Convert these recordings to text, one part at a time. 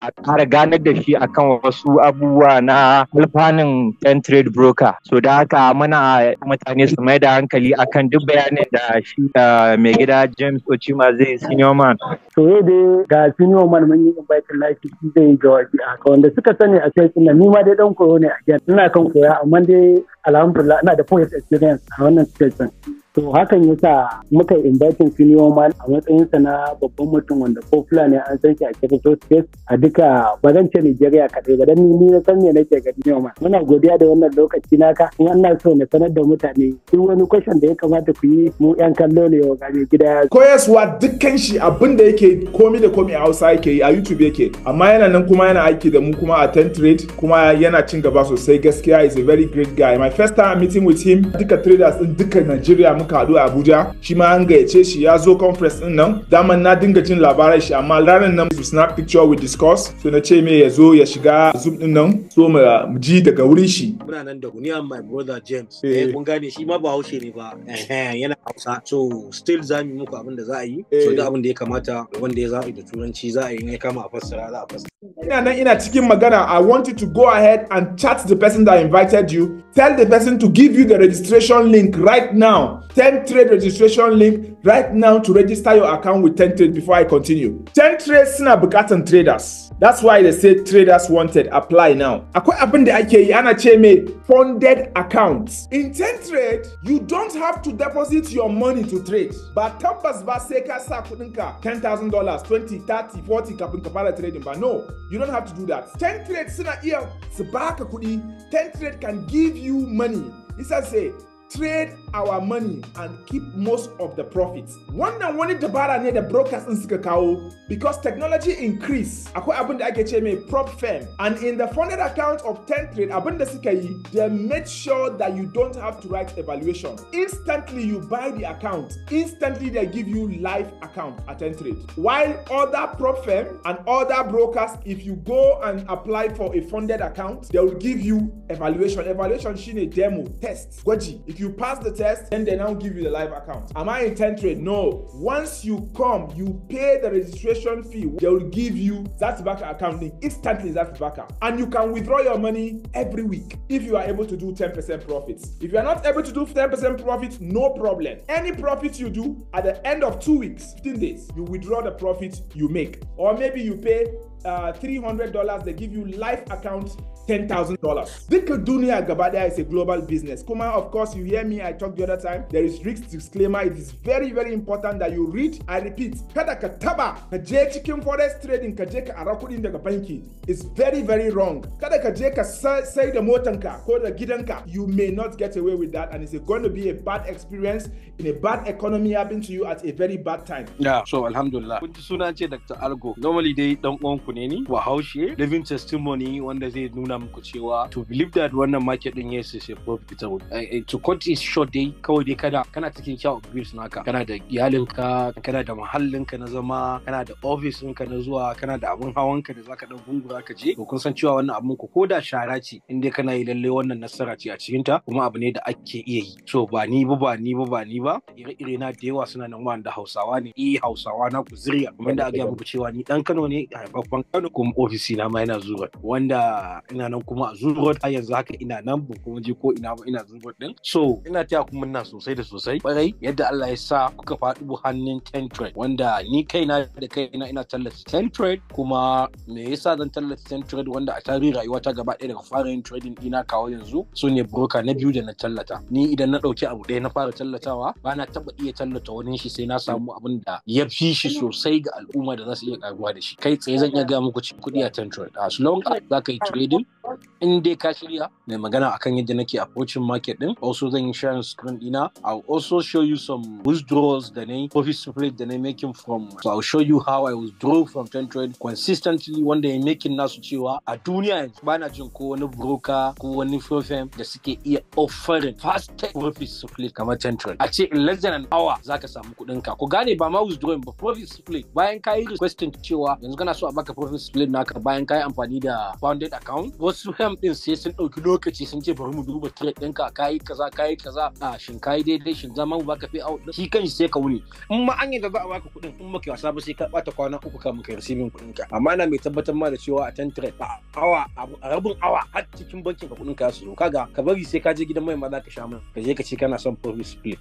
a ƙara ganar da shi akan wasu abubuwa na alfanun ɗan trade broker so da haka muna mutane su mai da hankali akan duk bayanin da shi da mai gida james ochima zai senior man so yau dai ga senior man mun yi invite lafi shi zai jawabi a haka wanda suka sani a cikin na ni ma dai dan koyo ne a ina kan koya amma dai alhamdulillah ina da point experience a wannan station to hakan yasa muka inviting senior man a matsayinsa na babban mutum wanda ko fulani an san shi a cikin space a duka ba zan ce nigeria kaɗai ba dan ni na san ne nake ga senior man muna godiya da wannan lokaci naka in ana so na sanar da mutane duk wani question da ya kamata ku yi mu yan kallo ne wa gane gida koyaswa dukkan shi abin da yake komi da komi a hausa yake yi a youtube yake amma yana nan kuma yana aiki da mu kuma a ten trade kuma yana cin gaba sosai gaskiya is a very great guy my first time meeting with him duka traders din duka nigeria muka a Abuja shi ma an gayyace shi ya zo conference din nan daman na dinga jin labarai shi amma ranar nan su snap picture we discuss so na ce me ya zo ya shiga zoom din nan so mu ji daga wuri shi muna nan da ni my brother James eh kun eh, gane shi ma ba haushe ne ba yana Hausa so still za mu muku abin da za a yi eh. so da abin da ya kamata wanda ya zaɓi da turanci za a yi ne kama a fassara za a fassara ina nan ina cikin magana i want you to go ahead and chat the person that invited you tell the person to give you the registration link right now Ten trade registration link right now to register your account with Ten trade before i continue Ten trade suna bukatan traders That's why they say traders wanted apply now. Akwai abin da ake yi ana ce me funded accounts. In ten trade, you don't have to deposit your money to trade. Ba tabbas ba sai ka sa kudinka $10,000, $20, $30, $40 kafin ka fara trading ba. No, you don't have to do that. Ten trade suna iya su baka kudi. ten trade can give you money. Isa say trade our money and keep most of the profits. One Wannan the bar near the brokers in suka because technology increase I abin da ake prop firm and in the funded account of 10 trade abin da suka they make sure that you don't have to write evaluation. Instantly you buy the account, instantly they give you live account at 10 trade. While other prop firm and other brokers if you go and apply for a funded account they will give you evaluation. Evaluation shine demo, test, gwaji. If you pass the test test, then they now give you the live account. Am I in 10 trade? No. Once you come, you pay the registration fee, they will give you that Zatabaka account link. Instantly Zatabaka. And you can withdraw your money every week if you are able to do 10% profits. If you are not able to do 10% profits, no problem. Any profit you do at the end of two weeks, 15 days, you withdraw the profit you make. Or maybe you pay Uh, $300, they give you life account $10,000. Dukka Dunia Gabada is a global business. Kuma, of course, you hear me, I talked the other time. There is risk disclaimer. It is very, very important that you read. I repeat, kada kataba, kaje chicken forest trading, kaje ka arakudin daga banki. It's very, very wrong. Kada kaje ka sai da motanka ko gidanka. You may not get away with that and it's going to be a bad experience in a bad economy happening to you at a very bad time. Yeah, so alhamdulillah. Kun Dr. Algo. Normally don't want. ne ni bahaushe living testimony wanda zai nuna muku cewa to believe that wannan market din yes is a profitable eh, eh, to cut is short dai kawai dai kada kana cikin kyau business naka kana da iyalinka kana da ka na zama kana da office ɗinka na zuwa kana da abun hawan ka da zaka dan gungura ka je to kun san cewa wannan abun ku koda shara ce in dai kana yi lalle wannan nasara ce a cikin ta kuma abu ne da ake iya yi so ba ni ba ba ni ba ba ni ba ire-ire na da yawa suna nan wanda Hausawa ne eh Hausawa na ku zuriya kuma da aka muku cewa ni dan Kano ne a babban Kano kuma ofisi na ma yana Zubat wanda ina nan kuma a zuwa a yanzu haka ina nan ba kuma je ko ina ba ina Zubat din so ina taya ku murna sosai da sosai barai yadda Allah ya sa kuka faɗi hannun Tentrade wanda ni kaina da kaina ina tallata Tentrade kuma me yasa zan tallata Tentrade wanda a tarihi rayuwata gaba ɗaya daga fara yin trading ina kawo yanzu su ne broker na biyu da na tallata ni idan na ɗauki abu ɗaya na fara tallatawa ba na taɓa iya tallata wani shi sai na samu abin da ya fi shi sosai ga al'umma da za su iya karuwa da shi kai tsaye zan iya ga muku cikin kuɗi a tentrol a su long za ka yi trading in dai ka shirya mai magana akan yadda nake approaching market din also zan yi sharing screen dina will also show you some withdrawals da nayi profit split da nayi making from so will show you how i withdraw from tentrol consistently wanda ya making nasu cewa a duniya yanzu ba na jin ko wani broker ko wani firm da suke iya offering fast profit split kamar tentrol a ce in less than an hour zaka samu kuɗin ka ku gane ba ma withdrawing ba profit split bayan ka yi requesting cewa yanzu kana so a baka profit split naka bayan kayi amfani da founded account wasu hem din sai sun ɗauki lokaci sun ce bari mu duba trade ɗinka kayi kaza kayi kaza a ah, shin kayi daidai shin zama mu baka pay out shi kanshi sai ka wuni in ma an yadda za a baka kuɗin in maka wasa ba sai ka ɓata kwana uku kamun ka receiving kuɗin ka amma ina mai tabbatar ma da cewa a ten trade a awa a rabin awa har cikin bankin ka kuɗin ka su kaga ka bari sai ka je gidan mai ma za ka sha mai ka je ka ce kana son profit split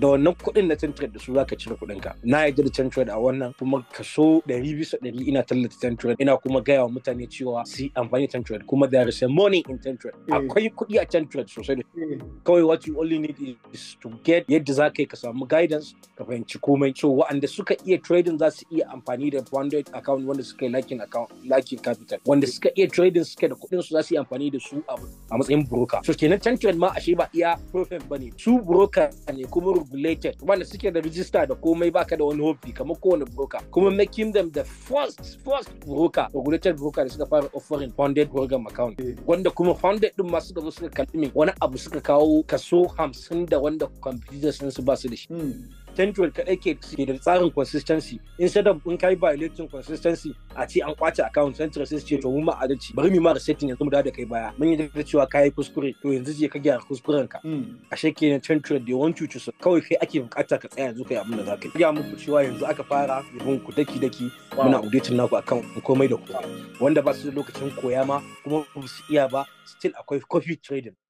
da wannan kuɗin na ten trade da su za ka cire kuɗin ka na yadda da ten trade a wannan kuma kaso ɗari bisa ɗari ina tallata amfani da ina kuma gaya wa mutane cewa si amfani da tentrade kuma there is a money in tentrade eh. akwai kuɗi a tentrade sosai da eh. kawai what you only need is to get yadda za ka yi ka samu guidance ka fahimci komai so wa'anda suka iya trading za su iya amfani da bonded account wanda suka yi lakin account lakin capital wanda suka iya trading suka da kuɗin su za su yi amfani da su a matsayin broker so kenan tentrade ma ashe ba iya profit bane su broker ne kuma regulated wanda suke da register da komai baka da wani hobi kamar kowane broker kuma making them the first first broker regulated broker da suka fara offering funded program account eh. wanda kuma funded din ma suka zo suka kalmi wani abu suka kawo kaso hamsin da wanda competitors sun su ba su da shi hmm. tentual kadai ke da tsarin consistency instead of in kai violating consistency a ce an kwace account center sai ce to mu ma adalci bari mu ma resetting yanzu mu da kai baya mun yi da cewa kai kuskure to yanzu je ka gyara kuskuren ka a hmm. ashe kenan tentual they want you to kawai kai ake bukata ka tsaya yanzu kai abin da za ka yi ya muku cewa yanzu aka fara yabon ku daki daki muna ku naku akan komai da ku. wanda ba su lokacin koya ma kuma ba su iya ba still akwai coffee trading